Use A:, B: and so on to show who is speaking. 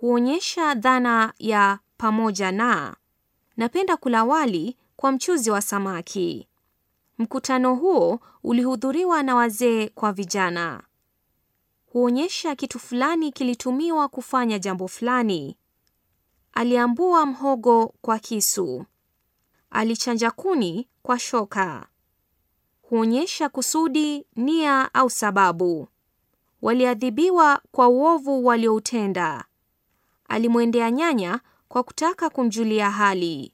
A: huonyesha dhana ya pamoja na. Napenda kula wali kwa mchuzi wa samaki. Mkutano huo ulihudhuriwa na wazee kwa vijana. Huonyesha kitu fulani kilitumiwa kufanya jambo fulani. Aliambua mhogo kwa kisu. Alichanja kuni kwa shoka. Huonyesha kusudi, nia au sababu. Waliadhibiwa kwa uovu walioutenda alimwendea nyanya kwa kutaka kumjulia hali.